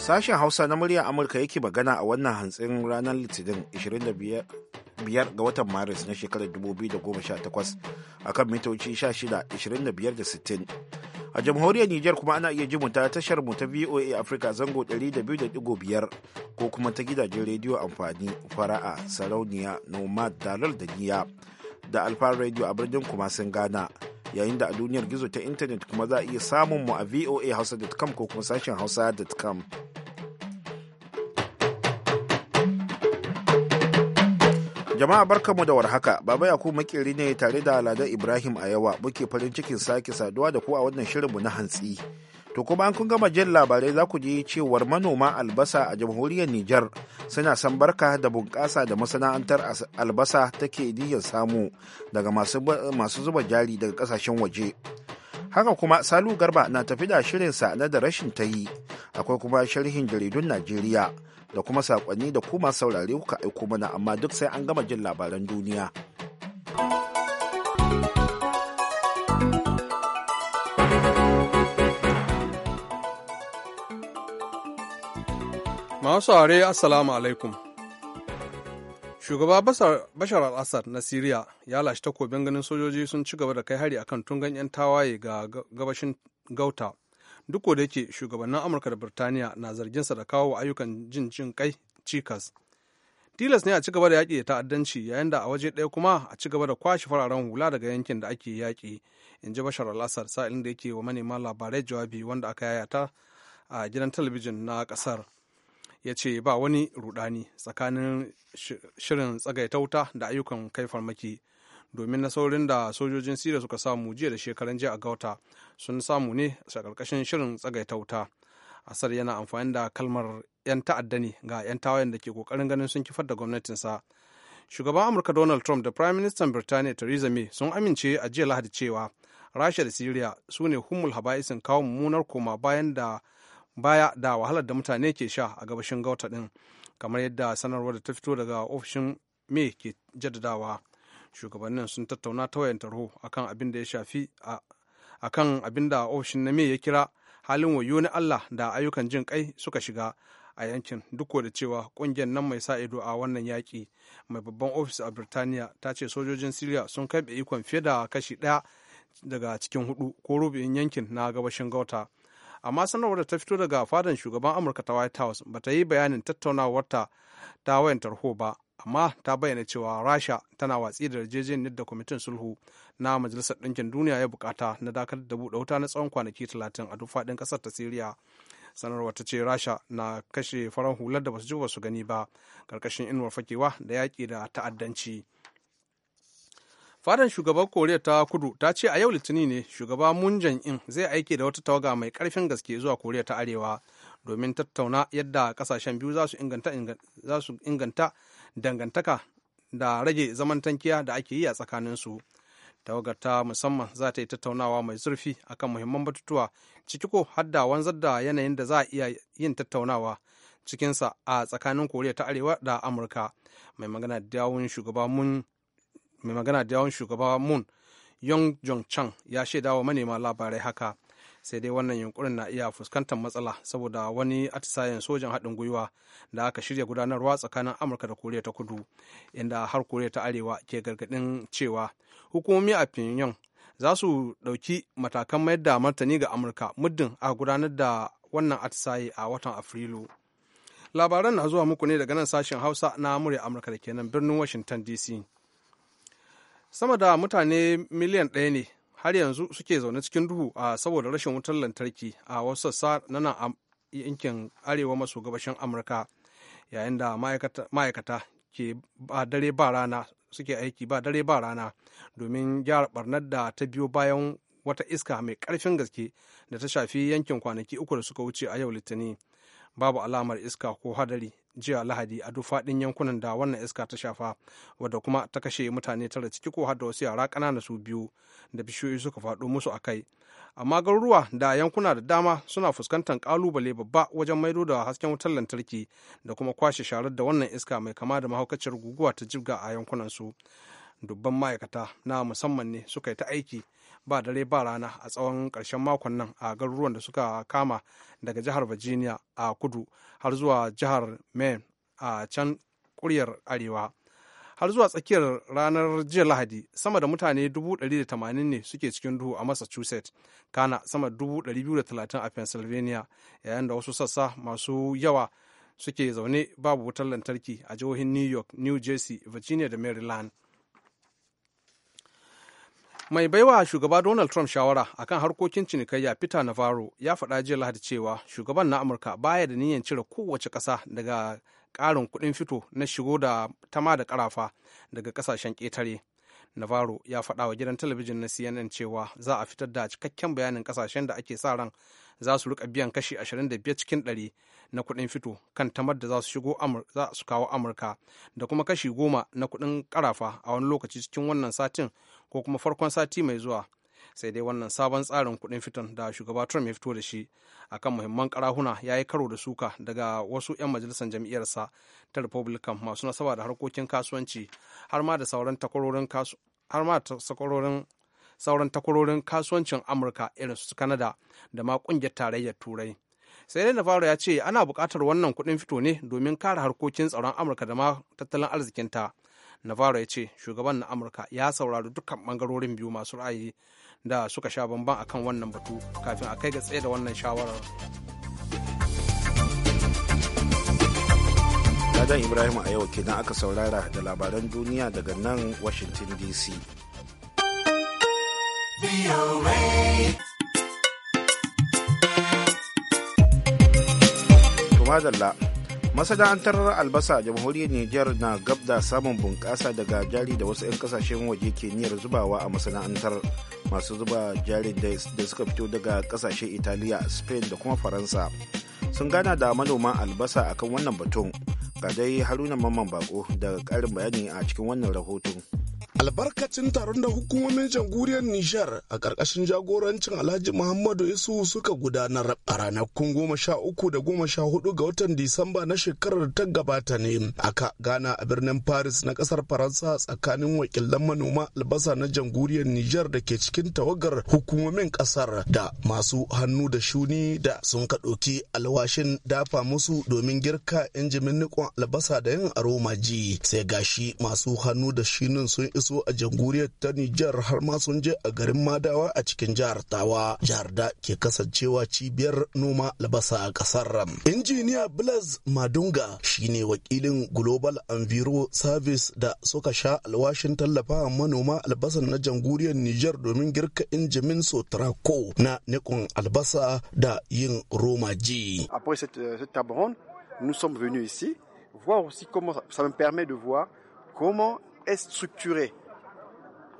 Sashen Hausa na muryar Amurka yake magana a wannan hantsin ranar Litinin 25 ga watan Maris na shekarar 2018 akan mitoci 16.25.60. da a jamhuriyar Nijar kuma ana iya jin ta tashar mu ta VOA Africa zango 200.5 ko kuma ta gidajen rediyo amfani fara'a sarauniya nomad dalar da niya da alfa rediyo a birnin kuma sun gana yayin da a duniyar gizo ta intanet kuma za a iya samun mu a voa hausa.com ko kuma sashen hausa.com Jama'a mu da warhaka, Baba yakub makeri ne tare da al'adar Ibrahim a yawa muke farin cikin sake saduwa da ku a wannan shirinmu na hantsi. To kuma an kun gama jin labarai za ku ji cewar manoma albasa a jamhuriyar Nijar suna san barka da bunƙasa da masana'antar albasa take niyyar samu daga masu zuba jari daga ƙasashen waje. Haka kuma Salu Garba na tafi da shirinsa na da rashin ta yi, akwai kuma sharhin jaridun Najeriya da kuma saƙonni da kuma saurare kuka aiko mana amma duk sai an gama jin labaran duniya. Masu are Assalamu alaikum. Shugaba Bashar al-Assad na Siriya ya lashe takobin ganin sojoji sun ci gaba da kai hari akan tungan 'yan tawaye ga gabashin Gauta duk da yake shugabannin amurka da birtaniya na zargin sa da kawo wa ayyukan jin jin kai cikas tilas ne a ci gaba da yaƙi da ta'addanci yayin da a waje ɗaya kuma a ci gaba da kwashe fararen hula daga yankin da ake yaƙi in ji bashar al-assad sa'ilin da yake wa manema labarai jawabi wanda aka yayata a gidan talabijin na ƙasar ya ce ba wani rudani tsakanin shirin tsagaita wuta da ayyukan kai farmaki domin saurin da sojojin siriya suka samu jiya da shekaran jiya a gauta sun samu ne a ƙarƙashin shirin tsagaita wuta asar yana amfani da kalmar 'yan ta'adda ne ga 'yan tawayen da ke kokarin ganin sun kifar da gwamnatinsa shugaban amurka donald trump da prime minister birtaniya theresa may sun amince a jiya lahadi cewa rasha da siriya su ne humul haba'isin kawo mummunar koma bayan da baya da wahalar da mutane ke sha a gabashin gauta din kamar yadda sanarwar da ta fito daga ofishin may ke jaddadawa shugabannin sun tattauna ta wayan tarho akan abin da ya shafi kan abin da ofishin na ya kira halin wayo na Allah da ayyukan jin kai suka shiga a yankin duk da cewa kungiyar nan mai sa ido a wannan yaki mai babban ofis a Birtaniya ta ce sojojin Siriya sun karɓe ikon fiye da kashi ɗaya daga cikin hudu ko rubin yankin na gabashin Gauta. amma sanarwar da ta fito daga fadan shugaban amurka ta white house ba ta yi bayanin tattaunawarta ta wayan tarho ba amma ta bayyana cewa rasha tana watsi da yarjejeniyar da kwamitin sulhu na majalisar ɗinkin duniya ya bukata na dakatar da buɗe wuta na tsawon kwanaki talatin a duk faɗin ƙasar ta siriya sanarwar ta ce rasha na kashe farar hular da basu ji su gani ba ƙarƙashin inuwar fakewa da yaƙi da ta'addanci fadan shugaban koriya ta kudu ta ce a yau litinin ne shugaba mun in zai aiki da wata tawaga mai karfin gaske zuwa koriya ta arewa domin tattauna yadda kasashen biyu za su inganta dangantaka da rage zaman tankiya da ake yi a tsakaninsu tawagar ta musamman za ta yi tattaunawa mai zurfi akan muhimman batutuwa ciki ko hadda wanzar da yanayin da za a iya yin tattaunawa cikinsa a tsakanin koriya ta arewa da amurka mai magana da yawon shugaba mun yong jong chang ya shaidawa manema labarai haka sai dai wannan yunkurin na iya fuskantar matsala saboda wani atisayen sojan haɗin gwiwa da aka shirya gudanarwa tsakanin amurka da koriya ta kudu inda har koriya ta arewa ke gargaɗin cewa hukumomi a pyongyang za su ɗauki matakan mayar da martani ga amurka muddin a gudanar da wannan atisaye a watan afrilu labaran na zuwa muku ne daga nan sashen hausa na murya amurka da kenan birnin washington dc sama da mutane miliyan ɗaya ne har yanzu suke zaune cikin duhu a saboda rashin wutar lantarki a wasu sassa na nan yankin arewa maso gabashin amurka yayin da ma'aikata ke ba dare ba rana suke aiki ba dare ba rana domin gyara barnar da ta biyo bayan wata iska mai karfin gaske da ta shafi yankin kwanaki uku da suka wuce a yau litinin babu alamar iska ko hadari jiya lahadi a duk faɗin yankunan da wannan iska ta shafa wadda kuma ta kashe mutane tara ciki ko har da wasu yara ƙanana su biyu da bishiyoyi suka faɗo musu a kai amma garuruwa da yankuna da dama suna fuskantar kalubale babba wajen maido da hasken wutar lantarki da kuma kwashe sharar da wannan iska mai kama da mahaukaciyar guguwa ta jibga a yankunan su dubban ma'aikata na musamman ne suka yi ta aiki ba dare ba rana a tsawon ƙarshen makon nan a garuruwan da suka kama daga jihar virginia a kudu har zuwa jihar maine a can kuryar arewa har zuwa tsakiyar ranar jiya lahadi sama da mutane 180 ne suke cikin duhu a massachusetts kana sama da 230 a pennsylvania yayin da wasu sassa masu yawa suke zaune babu wutar lantarki a jihohin new york new jersey virginia da maryland mai baiwa shugaba donald trump shawara akan harkokin cinikayya peter navarro ya faɗa jiya lahadi cewa shugaban na amurka baya da niyyar cire kowace ƙasa daga ƙarin kuɗin fito na shigo da tama da ƙarafa daga ƙasashen ƙetare navarro ya faɗa wa gidan talabijin na cnn cewa za a fitar da cikakken bayanin ƙasashen da ake sa ran za su rika biyan kashi 25 cikin 100 na kuɗin fito kan tamar da za su shigo za su kawo amurka da kuma kashi goma na kuɗin ƙarafa a wani lokaci cikin wannan satin ko kuma farkon sati mai zuwa sai dai wannan sabon tsarin kuɗin fiton da shugaba trump ya fito da shi akan muhimman karahuna ya yi karo da suka daga wasu 'yan majalisar jam'iyyarsa ta republican masu nasaba da harkokin kasuwanci har ma da sauran takwarorin kasuwancin amurka irin su kanada da ma kungiyar tarayyar turai sai dai navarro ya ce ana buƙatar wannan kuɗin fito ne domin kare harkokin tsaron amurka da ma tattalin arzikinta navarro ya ce shugaban na amurka ya saurari dukkan bangarorin biyu masu ra'ayi da suka sha bamban akan wannan batu kafin a kai ga tsaye da wannan shawarar Ladan Ibrahim a yau kenan aka saurara da labaran duniya daga nan Washington DC. Tumadalla masana'antar albasa a jamhuriyar niger na gab da samun bunƙasa daga jari da wasu 'yan kasashen waje ke niyar zubawa a masana'antar masu zuba jarin da suka fito daga kasashen italiya spain da kuma faransa sun gana da manoman albasa akan wannan batun ga dai haruna mamman bako daga ƙarin bayani a cikin wannan rahoton. albarkacin taron da hukumomin jamhuriyar Nijar a ƙarƙashin jagorancin Alhaji Muhammadu Isu suka gudanar a ranakun goma sha uku da goma sha hudu ga watan Disamba na shekarar ta gabata ne aka gana a birnin Paris na ƙasar Faransa tsakanin wakilan manoma albasa na jamhuriyar Nijar da ke cikin tawagar hukumomin ƙasar da masu hannu da shuni da sun ka ɗauki alwashin dafa musu domin girka injimin niƙon albasa da yin aroma sai gashi masu hannu da shinin sun iso taso a jamhuriyar ta Nijar har ma sun je a garin Madawa a cikin jihar Tawa. Jihar da ke kasancewa cibiyar noma labasa a kasar. Injiniya Blaise Madunga shine wakilin Global Enviro Service da suka sha alwashin tallafa manoma albasa na jamhuriyar Nijar domin girka injimin sotrako na nikon albasa da yin roma ji. Après cette, euh, cette table nous sommes venus ici voir aussi comment ça me permet de voir comment est structurée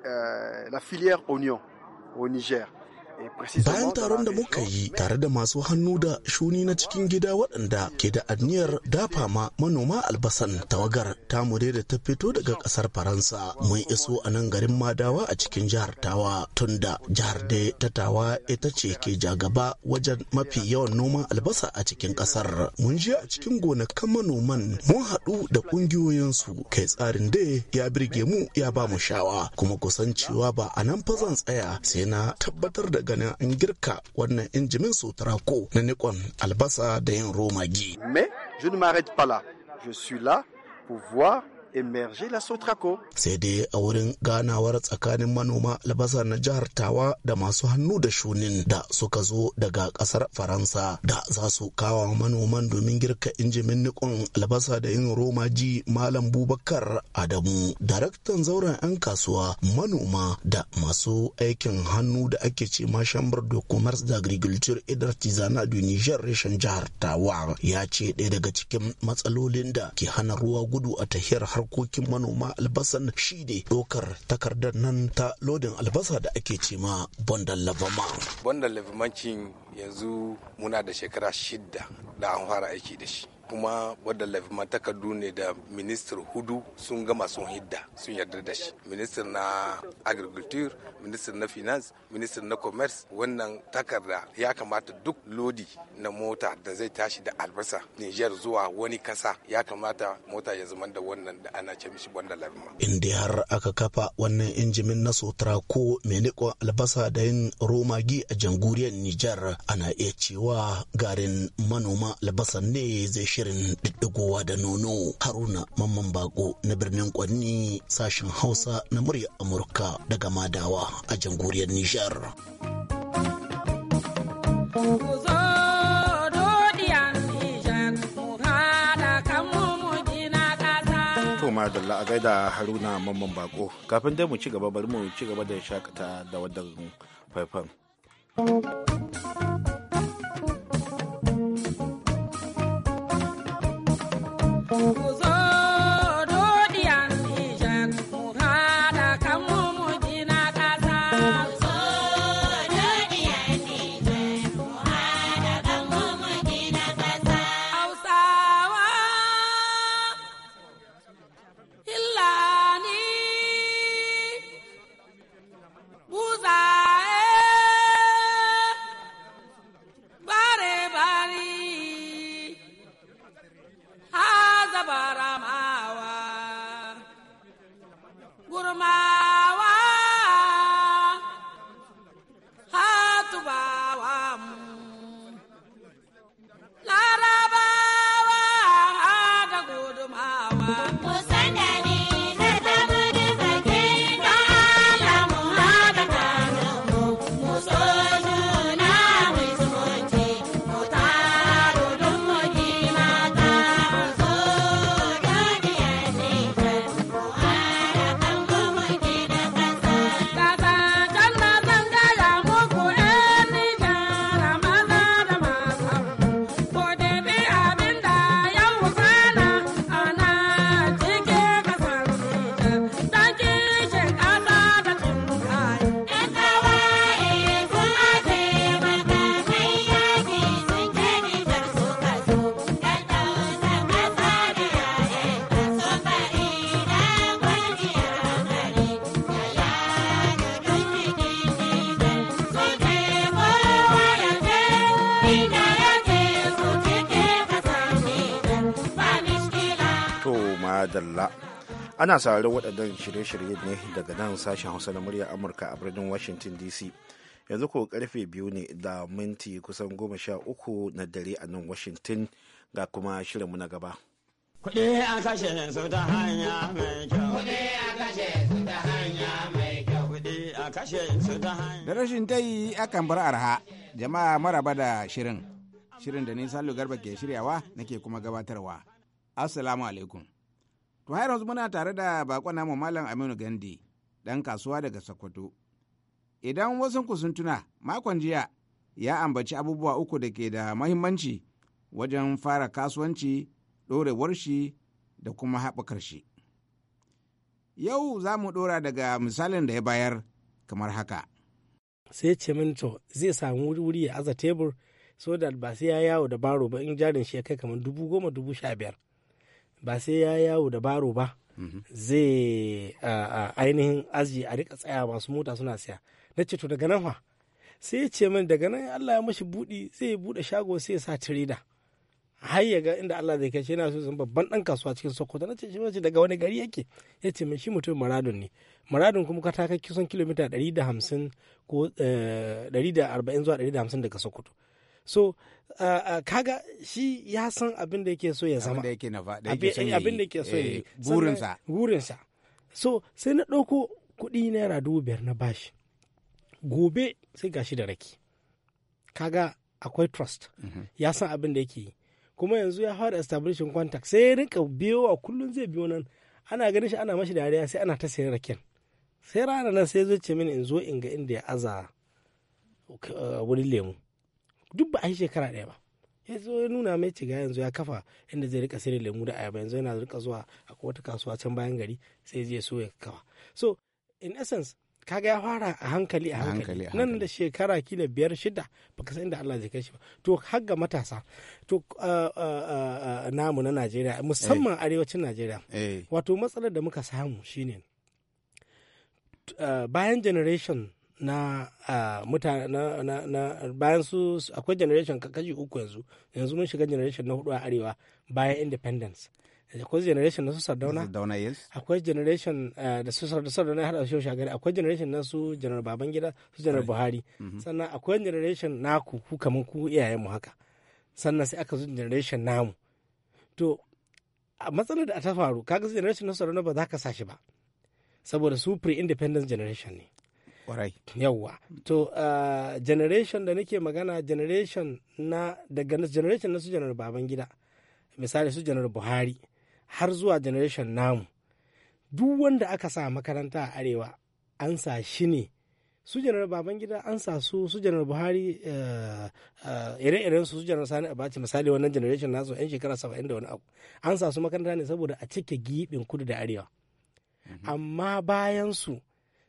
Euh, la filière oignon au Niger. Bayan taron da muka yi tare da masu hannu da shuni na cikin gida waɗanda ke da adniyar dafa ma manoma albasan tawagar ta dai da ta fito daga ƙasar Faransa mun iso a nan garin Madawa a cikin jihar Tawa tunda jihar da ta Tawa ita ce ke jagaba wajen mafi yawan noman albasa a cikin ƙasar. Mun je a cikin gonakan manoman mun haɗu da ƙungiyoyinsu kai tsarin da ya birge mu ya ba mu shawa kuma kusan cewa ba a nan fa zan tsaya sai na tabbatar da ganin an girka wannan injimin sotarako na nikon albasa da yin romagi. Mais je ne m'arrête pas là. Je suis là pour voir emerge la Sotraco. Sai dai a wurin ganawar tsakanin manoma albasa na jihar Tawa da masu hannu da shunin da suka zo daga kasar Faransa da za su kawo manoman domin girka injimin nikon labasa da yin roma ji Malam Bubakar Adamu. Daraktan zauren 'yan kasuwa manoma da masu aikin hannu da ake ce ma shambar de commerce AgriCulture, et d'artisanat du Niger reshen jihar Tawa ya ce ɗaya daga cikin matsalolin da ke hana ruwa gudu a tahiyar harkokin manoma albasan shi ne dokar takardar nan ta lodin albasa da ake ce ma bondan labama. Bondan labamancin yanzu muna da shekara shidda da an fara aiki da shi. kuma wadda lafiman takardu ne da minister hudu sun gama sun hidda sun yarda da shi minister na agriculture minister na finance minister na commerce wannan takarda ya kamata duk lodi na mota da zai tashi da albasa niger zuwa wani kasa ya kamata mota ya zama da wannan da ana ce mishi wanda lafiman inda har aka kafa wannan injimin na sotra ko mai albasa da yin romagi a jamhuriyar niger ana iya cewa garin manoma albasa ne zai shirin diddigowa da nono haruna mamman bako na birnin kwanni sashen hausa na murya amurka daga madawa a jamhuriyar nijar madalla a gaida haruna mamman bako kafin dai mu ci gaba bari mu ci gaba da shakata da wadannan faifan. madalla ana sauraron waɗannan shirye-shirye ne daga nan sashen hausa na murya amurka a birnin washington dc yanzu ko karfe biyu ne da minti kusan goma sha uku na dare a nan washington ga kuma shirinmu na gaba kuɗi a kashe su ta hanya mai kyau kuɗi a kashe su ta hanya mai kyau kuɗi a kashe su ta hanya da rashin tayi akan bar arha jama'a maraba da shirin shirin da Nisan salo ke shiryawa nake kuma gabatarwa assalamu alaikum To har yanzu muna tare da bakon namu Malam Aminu Gandi, ɗan kasuwa daga Sokoto. Idan wasu ku sun tuna, makon jiya ya ambaci abubuwa uku da ke da mahimmanci wajen fara kasuwanci, ɗorewar shi da kuma haɓakar shi. Yau za mu ɗora daga misalin da ya bayar kamar haka. Sai ce to zai samu wuri ya aza tebur so da ba sai ya yawo da baro ba in jarin shi ya kai kamar dubu goma dubu sha biyar. ba sai ya yawo da baro ba zai ainihin aji a rika tsaya masu mota suna siya na ce to daga nan fa sai ya ce min daga nan Allah ya mashi buɗi zai buɗe shago sai ya sa tireda har ya ga inda Allah zai kai shi yana so zan babban dan kasuwa cikin Sokoto na ce shi wace daga wani gari yake ya ce min shi mutum Maradun ne Maradun kuma ka taka kusan kilomita 150 ko 140 eh, zuwa 150 daga Sokoto so kaga shi ya san abin da yake so ya zama abin da yake so ya yi eh, burinsa so sai na ɗauko kuɗi naira dubu biyar na bashi gobe sai gashi da rake kaga akwai trust mhm. ya san abin da yake yi kuma yanzu ya fara establishin contact sai ya rinka a kullum zai biyo nan ana ganin shi ana mashi dariya sai ana ta sayan raken sai rana nan sai zai ce mini in zo in ga inda ya aza uh, wurin lemu duk ba a yi shekara ɗaya ba ya zo ya nuna mai ciga yanzu ya kafa inda zai rika sayar lemu da ayaba yanzu yana rika zuwa a wata kasuwa can bayan gari sai zai so ya kafa so in essence kaga ya fara a hankali a hankali nan da shekara kila biyar shida ba ka san inda Allah zai kai shi ba to har ga matasa to uh, uh, uh, namu na Najeriya musamman eh. arewacin Najeriya eh. wato matsalar da muka samu shine bayan generation na mutane na, bayan su akwai generation kashi uku yanzu yanzu mun shiga generation na hudu a arewa bayan independence akwai generation na su sardauna akwai generation da su sardauna har shi shagari akwai generation na su janar babangida su janar buhari mm-hmm. sannan akwai generation na ku ku kamar ku iyayenmu haka sannan sai aka zo generation namu to a matsalar da ta faru kaga generation na sardauna ba za ka sa shi ba saboda su pre-independence generation ne yawwa to uh, generation da nake magana generation na daga generation na su janar babangida misali su janar buhari har zuwa generation namu duk wanda aka sa makaranta a arewa an sa shi ne su janar babangida an sa su su janar buhari eh, eh, ire-iren su su janar sani abaci misali wannan generation nasu yan shekara saba'in da wani abu an sa su makaranta ne saboda a cike giɓin kudu da arewa mm-hmm. amma bayan su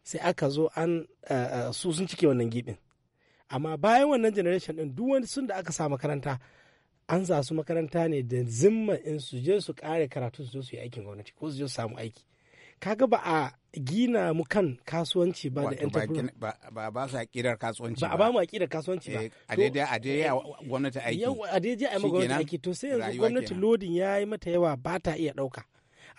sai aka zo an eh, eh, su sun cike wannan gibin amma bayan wannan generation din duk wani sun da aka sa makaranta an za su makaranta ne da zimma in su je su kare karatu su su yi aikin gwamnati ko su je su samu aiki kaga ba a gina mu kan kasuwanci ba da ba ba sa kidar kasuwanci ba ba mu akidar kasuwanci ba eh, a daidai a daidai gwamnati aiki yau a daidai a gwamnati aiki to sai yanzu gwamnati lodin yayi mata yawa ba ta iya dauka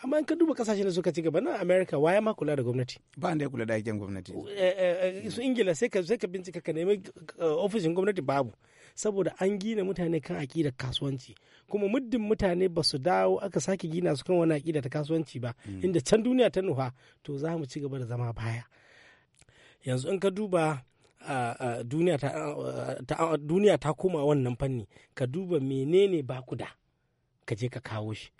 amma in ka duba kasashen da suka ci gaba nan america waya ma kula da gwamnati ba da ya kula da aikin gwamnati eh, eh, eh, su ingila sai ka sai ka bincika ka nemi ofishin gwamnati babu saboda an gina mutane kan aƙida kasuwanci kuma muddin mutane ba su dawo aka sake gina su kan wani aƙida ta kasuwanci ba hmm. inda can duniya ta nuha to za mu ci gaba da zama baya yanzu in ka duba duniya ta koma wannan fanni ka duba menene bakuda ka je ka kawo shi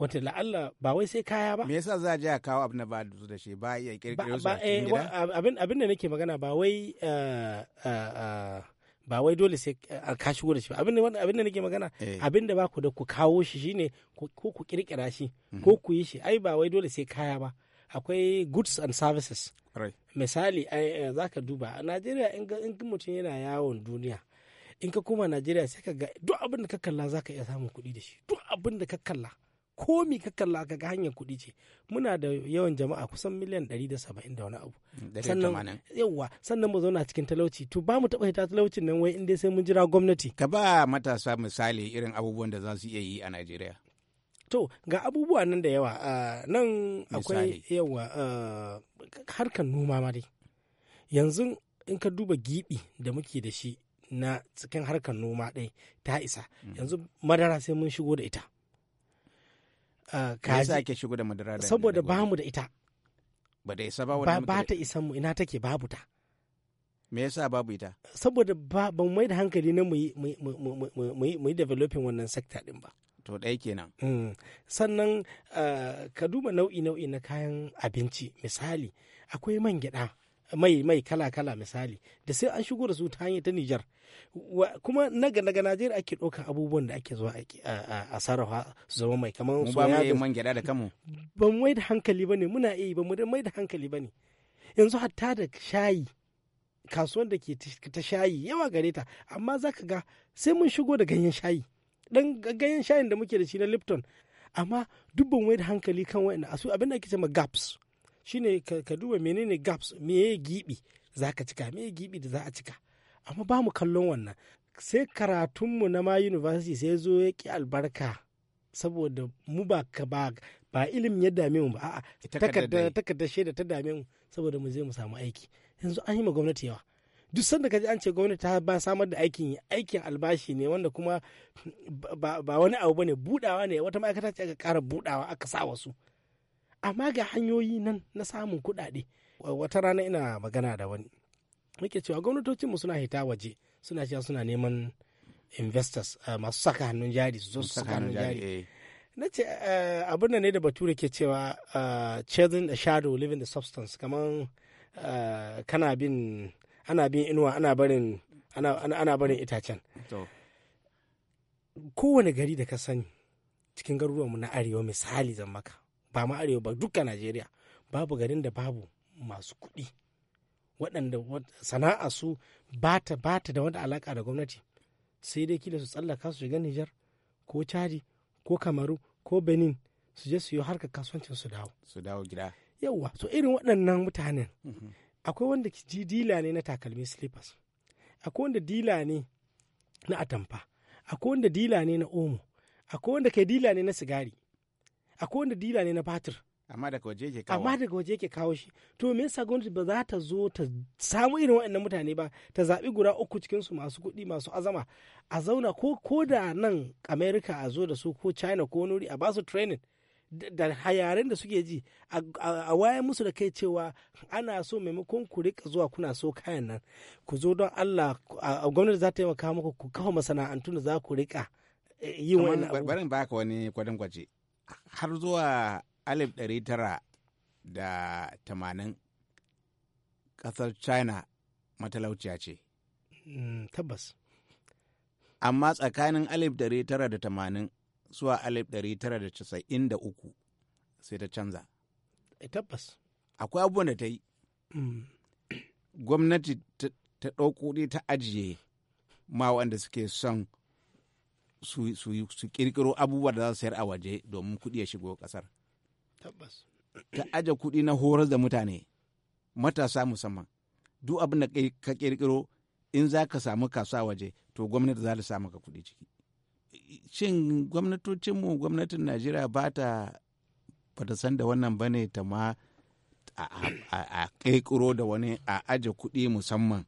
wata la'alla ba wai sai kaya ba me yasa za a je a kawo abu na ba da shi ba iya kirkiro su a eh, cikin gida abin abin da nake magana ba wai eh, eh, ba wai dole sai a kashi da shi ba abin da nake magana abin da ba ku da ku kawo shi shine ko ku kirkira shi mhm. ko ku yi shi ai ba wai dole sai kaya ba akwai goods and services misali za ka duba a najeriya in mutum yana yawon duniya in ka koma najeriya sai ka ga duk abin da ka kalla za ka iya samun kuɗi da shi duk abin da ka kalla komi ka kalla ka ga hanyar kuɗi ce muna da yawan jama'a kusan miliyan ɗari da saba'in da wani abu mm, sannan yawa sannan mu zauna cikin talauci to ba mu taɓa hita talaucin nan wai inda sai mun jira gwamnati ka ba matasa misali irin abubuwan da za su iya yi a Najeriya to ga abubuwa nan da yawa ah, nan akwai yawa ah, harkar noma ma dai yanzu in ka duba giɓi da muke da shi na cikin harkar noma ɗai ta isa mm. yanzu madara sai mun shigo da ita Ah, kaji ake shigo da madara da saboda ba mu da ita ba da isa ba wani ba ta isa mu ina take babu ta me yasa babu ita saboda ba ban mai da hankali na mu yi developing wannan sector din ba to ɗaya kenan mm. sannan ah, ka duba nau'i nau'i na kayan abinci misali akwai man gyaɗa mai mai kala kala misali da sai an shigo da su ta hanyar ta Nijar kuma naga naga Najeriya ake ɗaukar abubuwan da ake zuwa a sarrafa su zama mai kamar su ba mai man gyada da kamu ba mu mai da hankali bane muna iya ba mu da mai da hankali bane yanzu hatta da shayi kasuwar da ke ta shayi yawa gare ta amma zaka ga sai mun shigo da ganyen shayi dan ganyen shayin da muke da shi na Lipton amma dubban wai da hankali kan wayannan asu abin da ake cewa gaps shine ka duba menene gaps ya gibi za ka cika ya gibi da za a cika amma ba mu kallon wannan sai karatunmu na ma university sai zo ya ki albarka saboda mu ba ka ba ba ilimin ya dame mu ba a'a takardar shaida ta dame mu saboda mu zai mu samu aiki yanzu an yi ma gwamnati yawa duk sanda ka ji an ce gwamnati ta ba samar da aikin aikin albashi ne wanda kuma ba wani abu bane budawa ne wata ma'aikata ce aka kara budawa aka sa wasu amma ga hanyoyi nan na samun kuɗaɗe wata rana ina magana da wani muke cewa gwamnatocinmu suna hita waje suna cewa suna neman investors eh, masu saka hannun jari su zo su saka hannun jari eh. na ce eh, abin da ne da bature ke cewa chasing the shadow living the substance kamar kana bin ana bin inuwa ana barin ana barin itacen kowane gari da ka sani cikin garuruwanmu na arewa misali zan maka ba ma arewa ba duka najeriya babu garin da babu masu kuɗi waɗanda sana'a su bata bata da wata alaƙa da gwamnati sai dai kila su tsallaka su shiga nijar ko chadi ko kamaru ko benin su je su yi harka kasuwancin su dawo su dawo gida yawwa so irin waɗannan mutanen mhm. akwai wanda ji dila ne na takalmi slippers akwai wanda dila ne na atamfa akwai wanda dila ne na omo akwai wanda kai dila ne na sigari akwai wanda dila ne na fatir. amma daga waje yake kawo amma daga waje yake kawo shi to me yasa gwamnati ba za ta zo ta samu irin waɗannan mutane ba ta zaɓi guda uku cikin su masu kuɗi masu azama a zauna ko ko da nan Amerika a zo da su ko China ko nuri a basu training da hayaren da suke ji a wayan musu da kai cewa ana so maimakon ku rika zuwa kuna so kayan nan ku zo don Allah gwamnati za ta taimaka muku ku kafa masana'antu da za ku rika yi wani barin baka wani kwadon gwaje har zuwa 1980 ƙasar china matalauciya ce mm, tabbas amma tsakanin 1980 zuwa 1993 sai ta canza eh, tabbas akwai abubuwan da ta yi mm. gwamnati ta ɗau ta ajiye ma wanda suke son su su su kirkiro abubuwa da za su sayar a waje domin kuɗi ya shigo ƙasar tabbas ta aje kuɗi na horar da mutane matasa musamman duk abin da ka kirkiro in za ka samu kasuwa waje to gwamnati za ta samu ka kuɗi ciki shin gwamnatocinmu gwamnatin najeriya ba ta bata san da wannan ba ne ta ma a kirkiro da wani a aje kuɗi musamman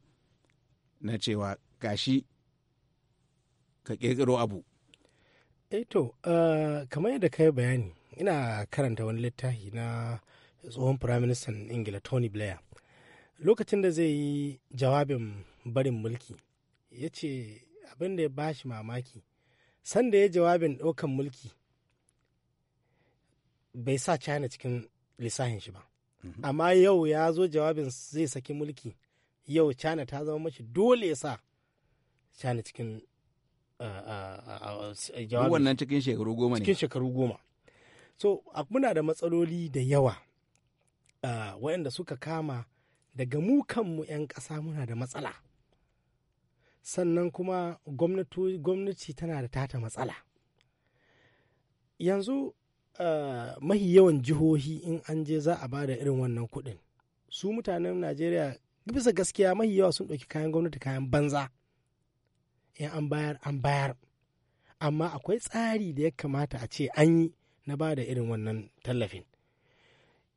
na cewa gashi ka ƙirƙiro abu eto eh uh, eh, kamar yadda ka yi bayani ina karanta wani littafi na tsohon firaministan ingila tony blair lokacin da zai yi jawabin barin mulki ya ce abin da ya ba shi mamaki sanda ya jawabin ɗaukan mulki bai sa china cikin lissahin shi ba mhm. amma yau ya zo jawabin zai saki mulki yau china ta zama mashi dole ya sa china cikin jawabi wannan cikin shekaru goma ne cikin shekaru goma so muna da matsaloli da yawa waɗanda suka kama daga mu kanmu 'yan ƙasa muna da matsala sannan kuma gwamnati tana da tata matsala yanzu mahi yawan jihohi in an je za a bada irin wannan kuɗin su mutanen najeriya bisa gaskiya mahi yawa sun ɗauki kayan gwamnati kayan banza in an bayar an bayar amma akwai tsari da ya kamata a ce an yi na ba da irin wannan tallafin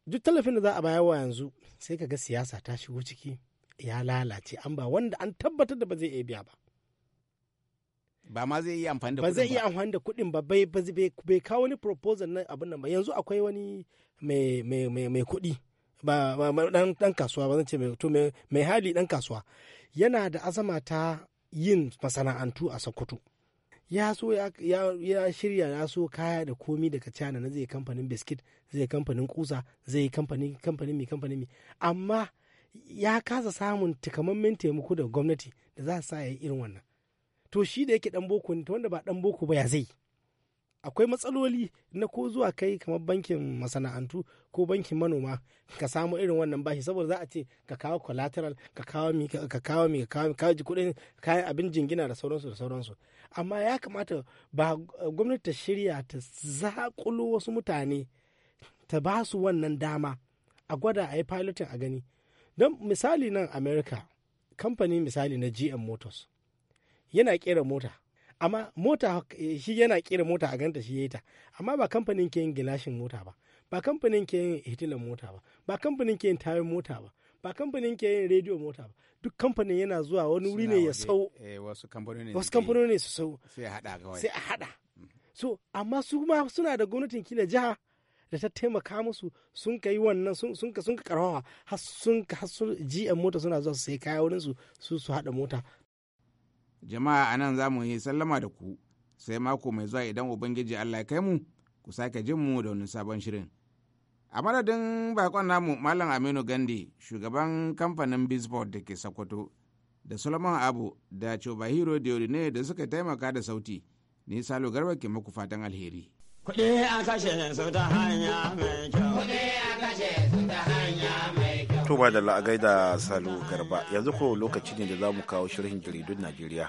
duk tallafin da za a bayarwa yanzu sai ka ga siyasa ta shigo ciki ya lalace an ba wanda an tabbatar da ba zai iya biya ba ba ma zai iya amfani da ba zai iya amfani da kuɗin ba bai bai kawo wani proposal na abin nan ba yanzu akwai wani mai mai mai mai kuɗi ba dan dan kasuwa ba zan ce mai to mai hali dan kasuwa yana da azama ta yin masana'antu a sokoto ya so ya, shirya ya so kaya da komi daga china na zai kamfanin biskit zai kamfanin kusa zai kamfanin kamfanin mi kamfanin mi amma ya kasa samun takamaiman taimako daga gwamnati da za sa ya yi irin wannan to shi da yake dan boko ne wanda ba dan boko ba ya zai akwai matsaloli na ko zuwa kai kamar bankin masana'antu ko bankin manoma ka samu irin wannan bashi saboda za a ce ka kawo collateral ka kawo mi ka kawo mi ka kawo kudin kayan abin jingina da sauransu da sauransu amma ya kamata ba gwamnati ta shirya ta zakulo wasu mutane ta ba su wannan dama a gwada a yi piloting a gani don misali nan america kamfani misali na gm motors yana kera mota amma mota eh, shi yana kera mota a ganta shi yayi ta amma ba kamfanin ke yin gilashin mota ba ba kamfanin ke yin hitilan mota ba ba kamfanin ke yin tayoyin mota ba ba kamfanin ke yin rediyo mota ba duk kamfanin yana zuwa wani wuri ne ya sau eh, wasu kamfanoni ne su sau sai a hada mm. so amma su ma suna da gwamnatin kila jiha da ta taimaka musu sun ka yi wannan sun ka sun karfafa har sun ka har sun mota suna zuwa su sai kaya wurin su su su hada mota jama'a a nan za mu yi sallama da ku sai mako mai zuwa idan ubangiji allah ya kai mu ku sake jin mu da wani sabon shirin a madadin bakon namu malam aminu gandi shugaban kamfanin bisport da ke sokoto da solomon abu da chobahiro diodine da suka taimaka da sauti ni salo garba ke muku fatan alheri kuɗi an kashe su hanya mai To ba da la'agai da Salo Garba yanzu ko lokaci ne da za mu kawo shirin jaridun Najeriya.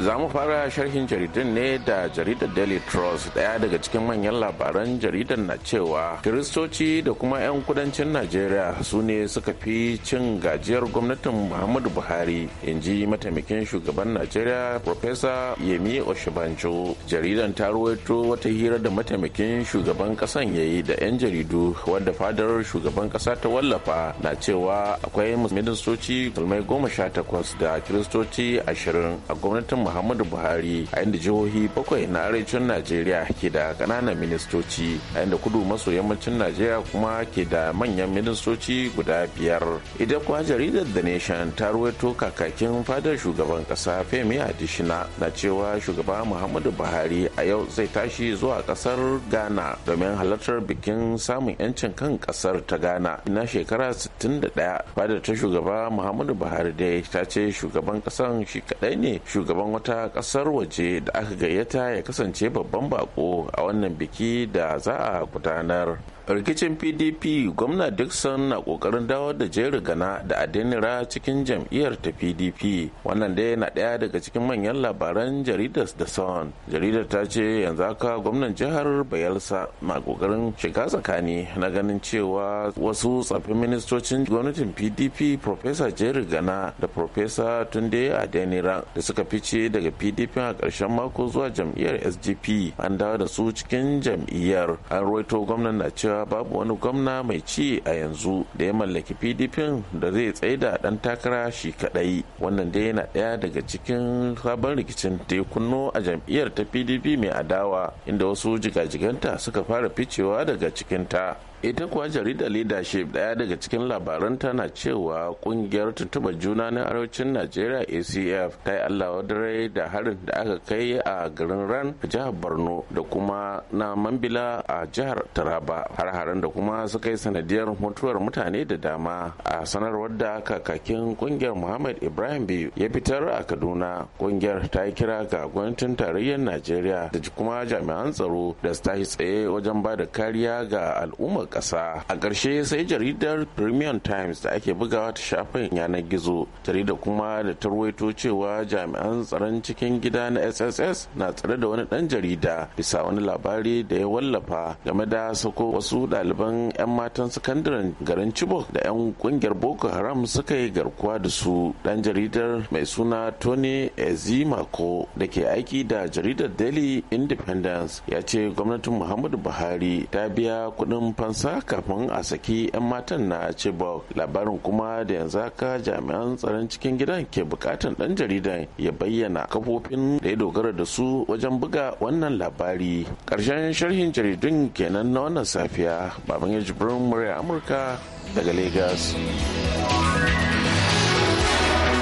za mu fara sharhin jaridun ne da jaridar daily trust daya daga cikin manyan labaran jaridar na cewa kiristoci da kuma 'yan kudancin najeriya su ne suka fi cin gajiyar gwamnatin muhammadu buhari in ji mataimakin shugaban najeriya professor yemi oshibanjo jaridar ta ruwaito wata hira da mataimakin shugaban kasan ya yi da 'yan jaridu wadda fadar shugaban kasa ta wallafa na cewa akwai musulmi goma sha takwas da kiristoci ashirin a gwamnatin muhammadu buhari a inda jihohi bakwai na arewacin najeriya ke da kananan ministoci a inda kudu maso yammacin najeriya kuma ke da manyan ministoci guda biyar Idan kuwa jaridar the nation ta ruwaito kakakin fadar shugaban Kasa femi adishina na cewa shugaba muhammadu buhari a yau zai tashi zuwa ƙasar ghana domin halartar bikin samun 'yancin kan kasar ta ghana na shekara 61 fadar ta shugaba muhammadu buhari dai ta ce shugaban kasan shi kadai ne shugaban wata kasar waje da aka gayyata ya kasance babban bako a wannan biki da za a gudanar rikicin pdp gwamna dixon na kokarin dawo da jerin gana da adenira cikin jam'iyyar ta pdp wannan dai na daya daga cikin manyan labaran jaridas da son jaridar ta ce yanzu haka gwamnan jihar bayelsa na kokarin shiga tsakani na ganin cewa wasu tsaffin ministocin gwamnatin pdp professor jerry gana da professor tunde adenira da suka fice daga pdp a ƙarshen mako zuwa jam'iyyar sgp an dawo da su cikin jam'iyyar an ruwaito gwamnan na cewa babu wani gwamna mai ci a yanzu da ya mallaki pdp da zai tsaye da dan takara shi kadai wannan dai yana daya daga cikin sabon rikicin da ya kunno a jam'iyyar ta pdp mai adawa inda wasu jigajiganta suka fara ficewa daga cikin ta. ita kuwa jaridar leadership daya daga cikin labaran tana cewa kungiyar tuntuba juna na arewacin najeriya acf ta yi allah dare da harin da aka kai a garin ran jihar borno da kuma na mambila a jihar taraba har harin da kuma suka yi sanadiyar mutuwar mutane da dama a sanarwar da kakakin kungiyar muhammad ibrahim biyu ya fitar a kaduna kungiyar ta yi kira ga gwamnatin tarayyar najeriya da kuma jami'an tsaro da su tashi tsaye wajen ba da kariya ga al'umma. ƙasa a ƙarshe sai jaridar premium times da ake bugawa ta shafin yanar gizo jarida kuma da tarwaito cewa jami'an tsaron cikin gida na sss na tsare da wani ɗan jarida bisa wani labari da ya wallafa game da sako wasu ɗaliban 'yan matan sakandaren garin chibok da 'yan ƙungiyar boko haram suka yi garkuwa da su ɗan jaridar mai suna tony ezimako da ke aiki da jaridar daily independence ya ce gwamnatin muhammadu buhari ta biya kuɗin fansa wasa kafin a saki 'yan matan na Chibok. Labarin kuma da yanzu haka jami'an tsaron cikin gidan ke bukatan dan jaridan ya bayyana kafofin da ya dogara da su wajen buga wannan labari. karshen sharhin jaridun kenan na wannan safiya. Baban ya jibirin murya Amurka daga Lagos.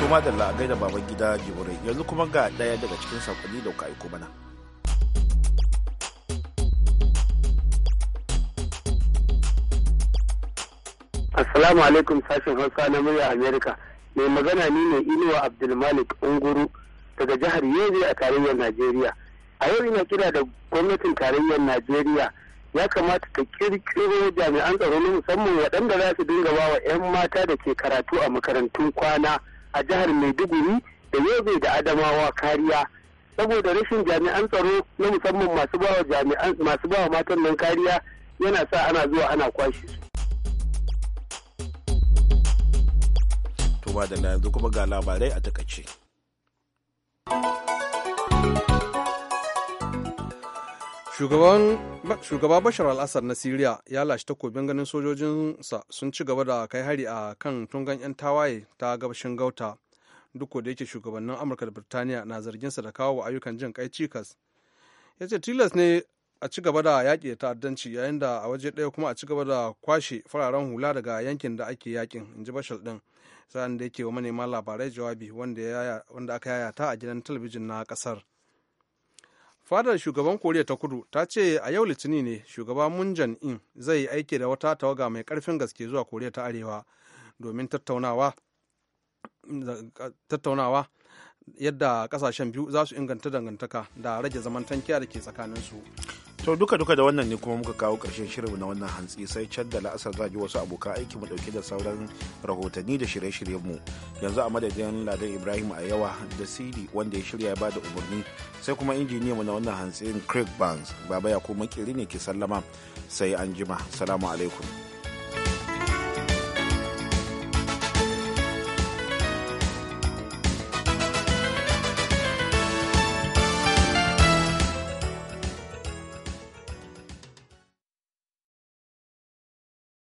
kuma da la'agai da gida jibirai yanzu kuma ga ɗaya daga cikin sakonni da kuka aiko mana. Assalamu alaikum sashen Hausa na murya Amerika. Mai magana ni ne Inuwa Abdulmalik Unguru daga jihar Yobe a tarayyar Najeriya. A yau ina kira da gwamnatin tarayyar Najeriya ya kamata ta kirkiro jami'an tsaro na musamman waɗanda za su dinga ba wa 'yan mata da ke karatu a makarantun kwana a jihar Maiduguri da Yobe da Adamawa kariya. Saboda rashin jami'an tsaro na musamman masu ba wa matan nan kariya yana sa ana zuwa ana kwashe su. da na yanzu kuma ga labarai a takaice. Shugaba Bashar al-Assad na Siriya ya lashe takobin ganin sojojinsa sun ci gaba da kai hari a kan tungan 'yan tawaye ta gabashin Gauta, duk da yake shugabannin Amurka da Birtaniya na zarginsa da kawo ayyukan jin kai cikas. Ya ce tilas ne a ci gaba da yaƙi ta'addanci yayin da a waje ɗaya kuma a ci gaba da kwashe fararen hula daga yankin da ake yakin in ji bashar ɗin sa'an da yake wa manema labarai jawabi wanda aka yayata a gidan talabijin na ƙasar fadar shugaban koriya ta kudu ta ce a yau litinin ne shugaba mun in zai aiki da wata tawaga mai karfin gaske zuwa koriya ta arewa domin tattaunawa yadda kasashen biyu za su inganta dangantaka da rage zaman tankiya da ke tsakaninsu. su to duka duka da wannan ne kuma muka kawo ƙarshen shirin na wannan hantsi sai can da la'asar za ji wasu abokan aiki mu dauke da sauran rahotanni da shirye-shiryen mu yanzu a madadin ladan ibrahim a yawa da cd wanda ya shirya ya da umarni sai kuma injiniya mu na wannan hantsin craig barnes baba ya ko makiri ne ke sallama sai an jima salamu alaikum